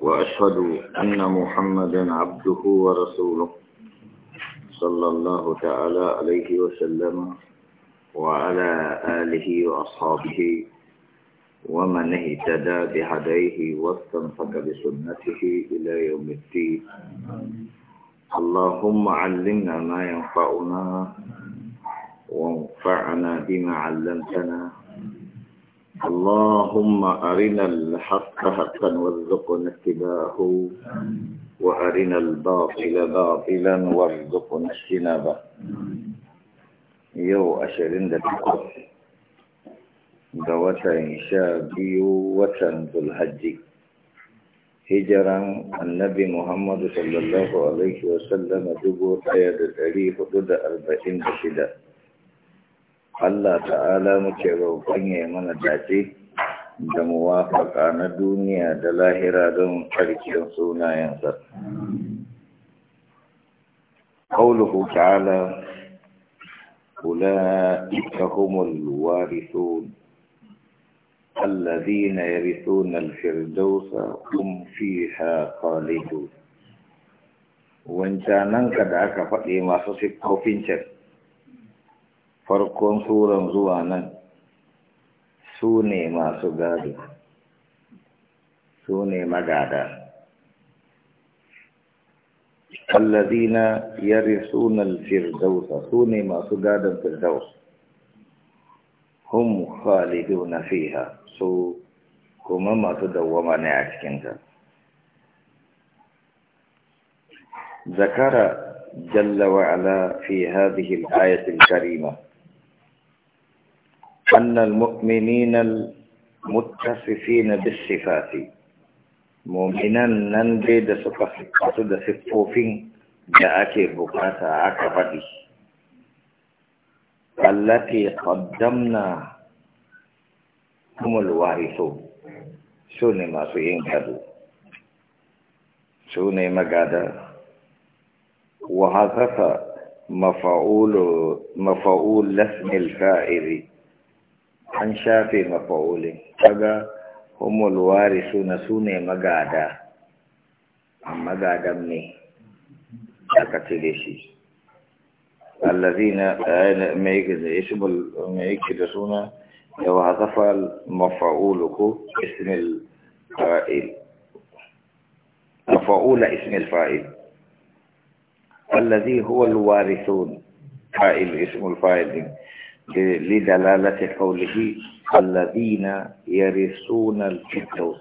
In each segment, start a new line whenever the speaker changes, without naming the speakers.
وأشهد أن محمدا عبده ورسوله صلى الله تعالى عليه وسلم وعلى آله وأصحابه ومن اهتدى بهديه واستنفق بسنته إلى يوم الدين اللهم علمنا ما ينفعنا وانفعنا بما علمتنا اللهم أرنا الحق حقا وارزقنا اتباعه وأرنا الباطل باطلا وارزقنا اجتنابه يو أشرين دكتور دوتا بيو وتن ذو الحج هجرا النبي محمد صلى الله عليه وسلم دبو حياة الأليف ضد أربعين بشدة Allah ta'ala muke roƙon ya mana dace da muwafaka na duniya da lahira don ƙarƙin sunayensa. Kauluhu ta'ala, kula ita humul warithun, allazina yarithuna alfirdausa hum fiha khalidun. Wancananka da aka faɗi masu siffofin can. farkon suran zuwa nan su ne masu gado su ne magada allazina yarisuna al su ne masu gadon firdaus hum khaliduna fiha su kuma masu dawwama ne a wa ala fi hadhihi al-ayati al Karima. أن المؤمنين المتصفين بالصفات مؤمنا ننجي دا سفاقات دا سفوفين دا أكي بقاتا عكبدي التي قدمنا هم الوارثون سوني ما سوين كدو سوني قادا وهذا مفعول مفعول لسم الفائري an shafe mafa'ulin kaga humul warisuna su ne magada amma gadan ne aka cire shi allazina mai yake da suna yau hazafa mafa'ulu ko ismil fa'il mafa'ula ismil fa'il allazi huwa alwarithun fa'il ismul fa'il لدلالة قوله الذين يرثون الفردوس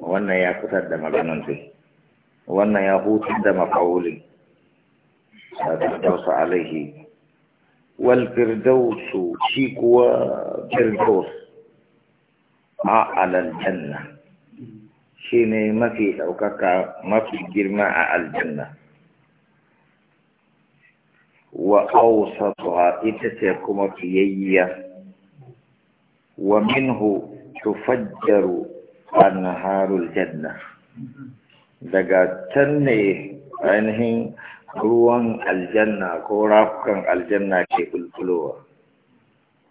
wannan ya kusa da maganan su wannan ya hutar da mafaulin firdausu alaihi wal firdausu shi kuwa firdaus a alaljanna shi ne mafi ɗaukaka mafi girma a aljanna wa awsatuha ita ce kuma fiyayya wa minhu tufajjaru anharul janna daga can ne ainihin ruwan aljanna ko rafukan aljanna ke bulbulowa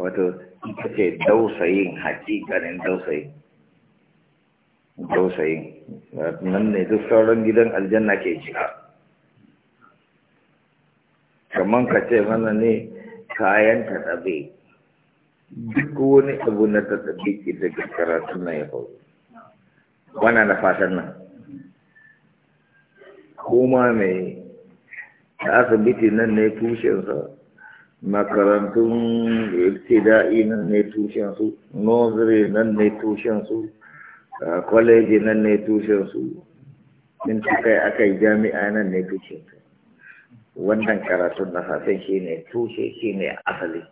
wato ita ce dausayin hakikanin dausayin dausayin nan ne duk sauran gidan aljanna ke shiga kamar ka ce mana ne kayan ta tabe duk wani abu na ta tabe ke daga karatu na ya wana na da fatan nan kuma mai asibiti nan ne tushensa makarantun ibtida'i nan ne tushensu nursery nan ne tushensu kwaleji nan ne tushensu min ta kai aka yi jami'a nan ne tushensu wannan karatun da hafin shi ne tushe shi ne asali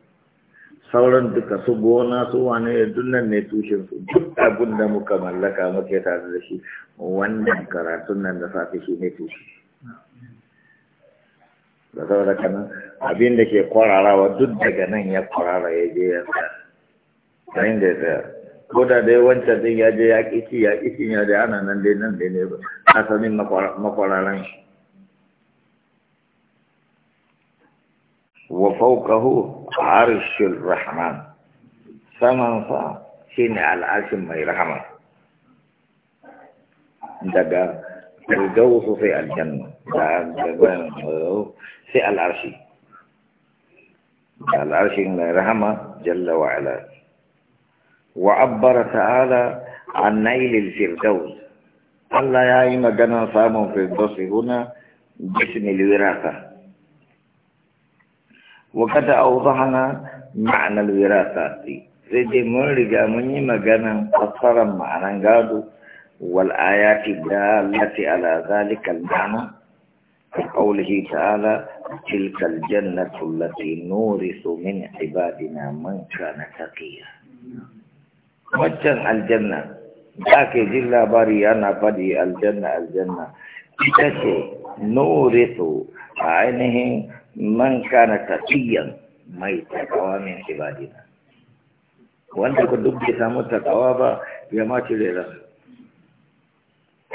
sauran duka su gona su wani da dunnan ne tushen su duk abin da muka mallaka muke tare da shi wannan karatun nan da safe shi ne tushe da saboda kanan abin da ke kwararawa duk daga nan ya kwarara ya je ya yayin da ya ko da dai wancan din ya je ya ƙi ya ƙi ya da ana nan dai nan dai ne ba asalin makwararan shi وفوقه عرش الرحمن سمن فا شين على عرش ما يرحمه دقا الجوز في الجنة في العرش العرش ما يرحمه جل وعلا وعبر تعالى عن نيل الفردوس الله يا إما جنا صاموا في الدوس هنا باسم الوراثة وقد أوضحنا معنى الوراثات سيدي مرجع مني مجانا قصرا معنى قادو والآيات الدالة على ذلك المعنى في قوله تعالى تلك الجنة التي نورث من عبادنا من كان تقيا وجن الجنة ذاك جل باري أنا بدي الجنة الجنة تتشي نورث عينه man kana taqiyan mai takawa min ibadina wanda ko duk bai samu takawa ba ya ma da ran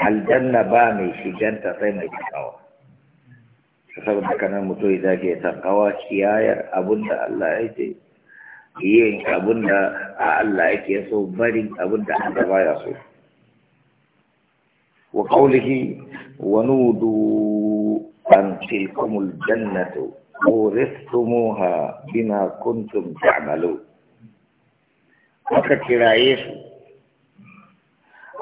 aljanna ba mai shiganta sai mai takawa saboda kana mutum idan ke takawa kiyayar abin da Allah ya ce yin abunda da Allah yake so barin abunda da Allah baya so wa qawlihi wa nudu أن تلكم الجنة أورثتموها بما كنتم تعملون وكتير عيش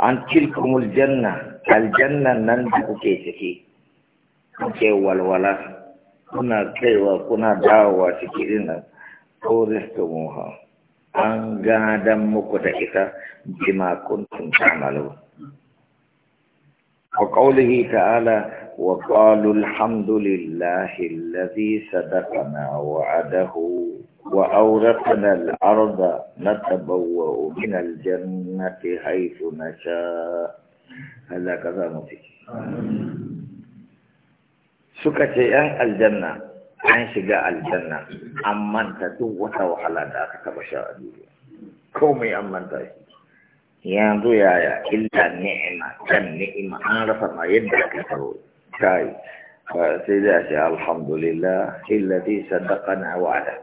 أن تلكم الجنة الجنة ننجح كيسكي كي والولا كنا كي وكنا دعوة سكيرنا أورثتموها أن قادم مكتئتا بما كنتم تعملون وقوله تعالى وقالوا الحمد لله الذي صدقنا وعده وأورثنا الأرض نتبوأ من الجنة حيث نشاء هذا كذا نفيك سكة الجنة عن شجاع الجنة أمن تتو وتوحل ذاك كبشاء كومي أمن تتو يا دويا إلا نعمة كم نعمة أنا ما يدعي الفروض كاي سيداتي الحمد لله الذي صدقنا وعده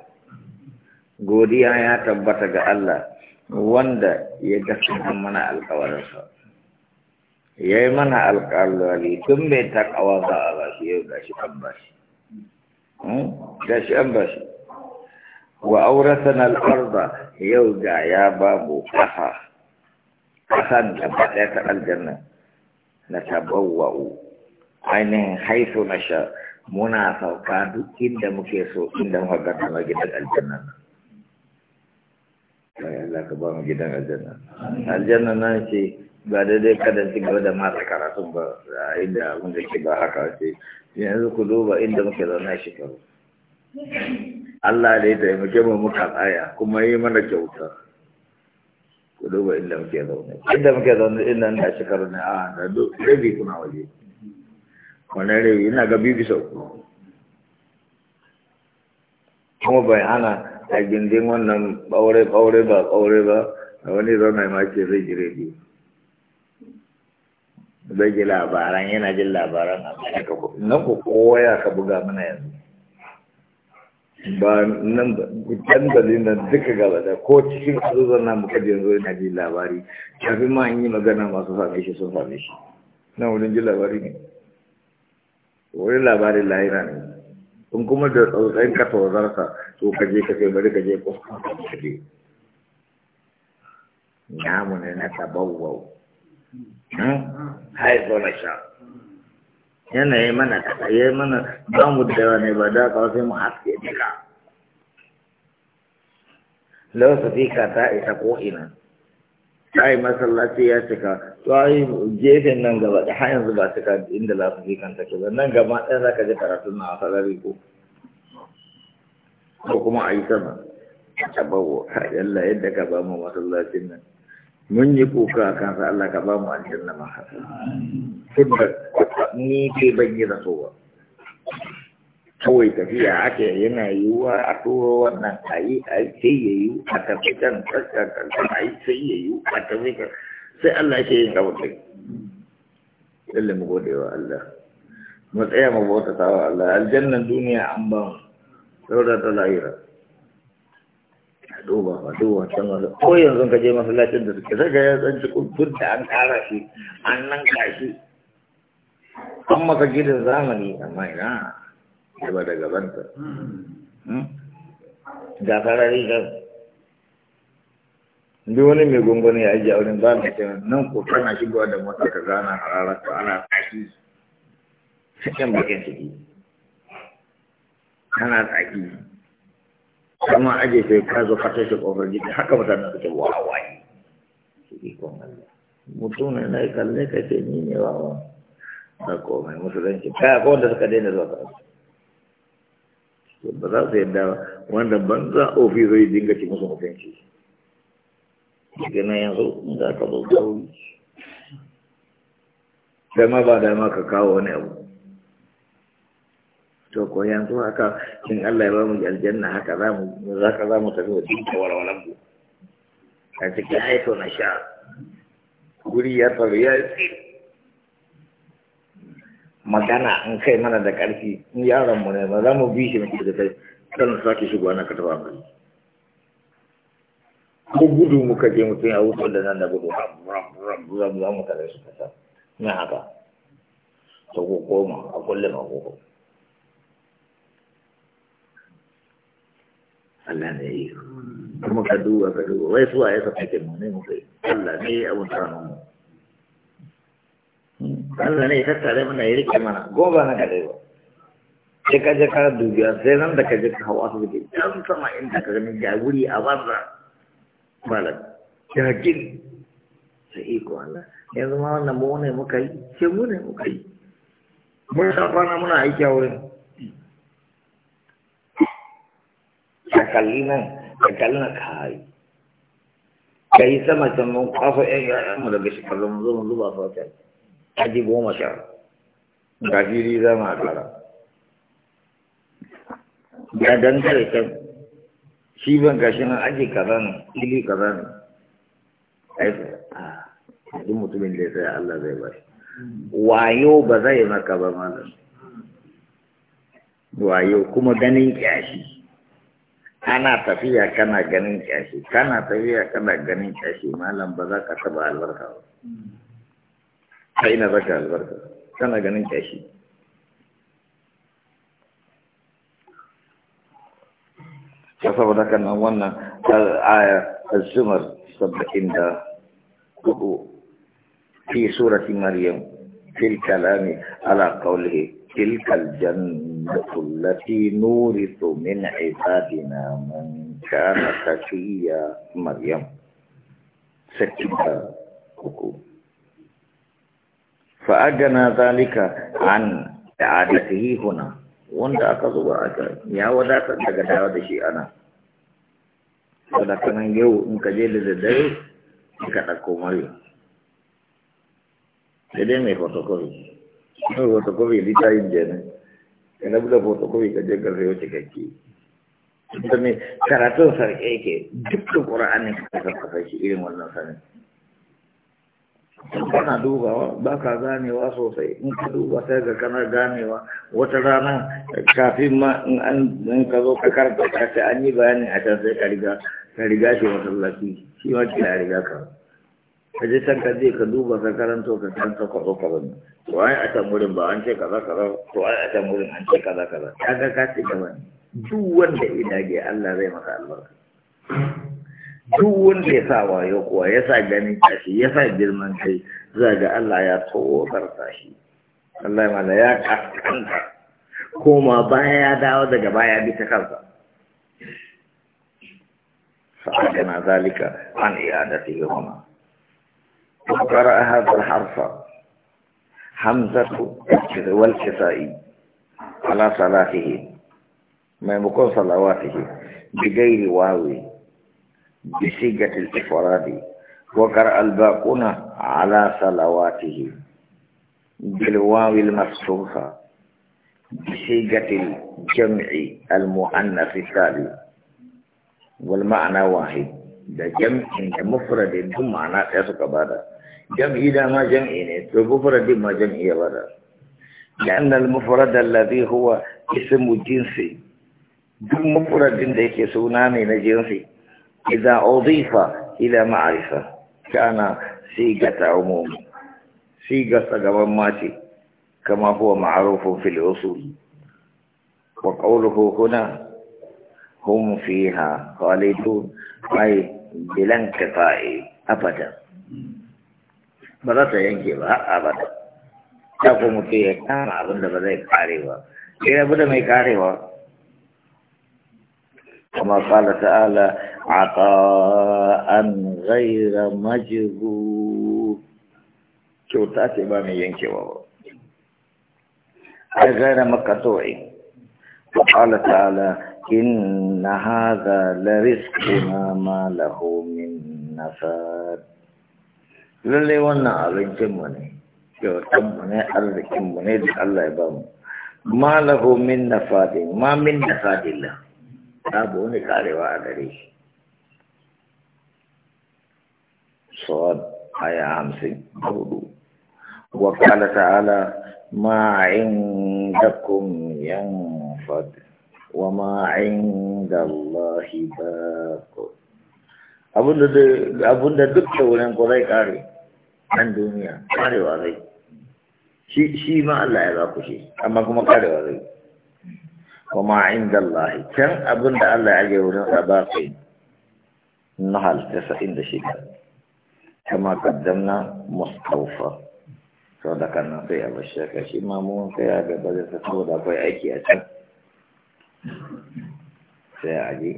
غودي يا آية تبتغى الله وند يغسنا منا القوارص يي منا القالوالي كم بيتك اوغا الله يي غاشي تبش هم غاشي واورثنا الارض يوجا يا بابو كفا كفا لبتك الجنه نتبوأ ainihin haifu na sha muna sauka duk inda muke so inda muka gata na gidan aljanna ya Allah ka ba mu gidan aljanna aljanna na ce ba daidai kada ci gaba da masu karatun ba a inda abin da ke ba haka ce yanzu ku duba inda muke zauna shekaru Allah da ya taimake mu muka tsaya kuma yi mana kyauta ku duba inda muke zaune inda muke zaune inda na shekaru ne a da duk rabi kuna waje wannan rai yana ga biyu bisa uku kuma bai hana a gindin wannan ɓaure-ɓaure ba ɓaure ba da wani zauna ma ce zai ji rediyo zai ji labaran yana jin labaran nan ku koya ka buga mana yanzu ba nan dandalin nan duka gaba da ko cikin azuzan nan muka jin zo yana jin labari kafin ma an yi magana masu same shi sun same shi nan wurin jin labari ne wani labarin lahira ne in kuma da tsautsayin ka tozarsa to ka je ka sai bari ka je ko ka je namu ne na tabawwau hmm? haifo na sha yanayi mana kasa yi mana ba mu da yawa ne ba da ka wasu mu haske duka lausa ka ta isa ko'ina ai masallaci ya cika to ai gefen nan gaba da har yanzu ba cika inda za su kan take ba nan gaba ɗaya za ka ji karatu na a sarari ko ko kuma a yi sama ta bawo yalla yadda ka ba mu masallacin nan mun yi kuka a kansa Allah ka ba mu aljanna ma haka. Tunda ni ke ban yi rasuwa? kawai tafiya ake yana yiwuwa a turo wannan a yi a sai ya yi a tafi can, kankan a yi sai ya yi a tafi kan sai Allah ke yin abu ɗin lalle mu gode wa Allah mu tsaya mu bauta ta wa Allah aljannan duniya an ba mu saboda ta lahira a duba ba duba can wani ko yanzu ka je masallacin da suke sai ka ya tsanci kuntur da an kara shi an nan kashi an maka gidan zamani amma ina gaba da gabanta hmm. ga sarari ga duk wani mai gungunan ya ajiye wurin ba mai cewa nan ko kana shigowa da mota ka gana hararar ka ana tsaki cikin bakin ciki kana tsaki kuma aje sai ka zo ka tashi kofar jiki haka mutanen suke wawaye su ikon Allah mutum ne na kalle ka ce ni ne wawa ba komai musulunci kaya ko wanda suka daina zuwa karatu ba za su yadda wanda banza ofi zai dinga ci musu hukunci gina yanzu za ka zo sauri dama ba dama ka kawo wani abu to ko yanzu haka in Allah ya ba mu aljanna haka za mu za ka za mu tafi wa dinka walwalan ku a cikin haito na sha guri ya faru ya yi magana an kai mana da ƙarfi in yaron mu ne ba za mu bi shi muke da kai kan sake shigowa na kataba mai ko gudu muka je mutum ya wuce da nan da gudu ram za mu tare su kasa na haka ta ko koma a kullum a koko Allah ne yi kuma ka duba ka duba wai suwa ya sa kake mu ne mu kai Allah ne ya abun tsaron mu Allah ne ya tattare mana ya rike mana gobe na gare ba sai ka je ka dubiya sai nan da ka je ka hau asibiti can sama inda ka gani ga wuri a banza malam jakin sai iko Allah yanzu ma wannan mu ne muka yi sai mu ne muka mun kwana aiki a wurin ka kalli nan ka kai ka kwafa ƴan ƴaƴanmu daga shekarun mu mu zuba aji goma sha gajiri zama a kara ya dantare can shi ban gashi nan aji kaza ne ili kaza ne aiki duk mutumin da ya tsaya Allah zai ba shi wayo ba zai maka ba malam wayo kuma ganin kyashi ana tafiya kana ganin kyashi kana tafiya kana ganin kyashi malam ba za ka taba albarka ba ta ina zaka albarka kana ganin kyashi ta saboda kan nan wannan aya azumar saba'in da hudu fi surati maryam fil kalami ala qawlihi تلك الجنة التي نورث من عبادنا من كان تقيا مريم ستين حكومة fa’adana zalika an da adata yi huna wanda aka zuwa aka ya wadata daga dawa da shi ana wadatannan yau in ka je da zaddare in ka ɗako mari daidai mai fotokobi mai fotokobi lita yin jenin ya na buɗa fotokobi ka je garfe wace gaki karatun sarki yake duk da ƙura'anin ka ƙasar shi irin wannan sanin kana dubawa ba ka ganewa sosai in ka duba sai ga kana ganewa wata rana kafin ma in ka zo ka karanta kashi, an yi bayani a can sai ka riga ka riga shi masallaci shi ma ki riga ka ka je can ka je ka duba ka karanto ka san ka zo ka bani to ai a can wurin ba an ce kaza kaza to ai a can wurin an ce kaza kaza ga ka ci gaba duk wanda ya dage Allah zai maka albarka duk wanda ya sa wayo kuwa ya sa ganin tashi ya sa girman kai za ga Allah ya tsohon tashi Allah mana ya kaskanta koma baya ya dawo daga baya bisa kansa فحكنا ذلك عن إعادته هنا وقرأ هذا الحرف حمزة والكسائي على صلاته ما يكون صلواته بغير واوي بصيغة الإفراد وقرأ الباقون على صلواته بالواو المفتوحة بصيغة الجمع المؤنث الثالث والمعنى واحد ده جمع ده مفرد ده معنى يسوك بعد جمع ده ما جمع يعني ده مفرد ما جمع بعد لأن المفرد الذي هو اسم جنسي ده مفرد ده كسوناني نجنسي إذا أضيف إلى معرفة كان سيجة عموم سيجة ماشي كما هو معروف في الأصول وقوله هنا هم فيها خالدون أي بلا انقطاع أبدا بلا تنجب أبدا تقوم فيها كان أبدا بذلك قاربا إذا بدأ ما يقاربا كما قال تعالى عطاء غير مجبور تاتي بامي ينكي وهو أي غير مقطوع وقال تعالى إن هذا لرزقنا ما له من نفاد للي ونا على مني شو تمني على arzikin الله ne ما له من نفاد ما من نفاد الله babu wani karewa a gare shi sawad aya hamsin da hudu wakala ta'ala ma'in dakum yan fad wa ma'in da Allahi baku abinda duk da wurin ku zai kare nan duniya karewa zai shi ma Allah ya baku shi amma kuma karewa zai kuma inda Allah can da Allah ya ajiye wurin sabaƙi nahal 96 kama kaddamna mustaufa sau da kanan sai a bashe ka shi mu ka ya gaba zai sa akwai aiki a can sai a aji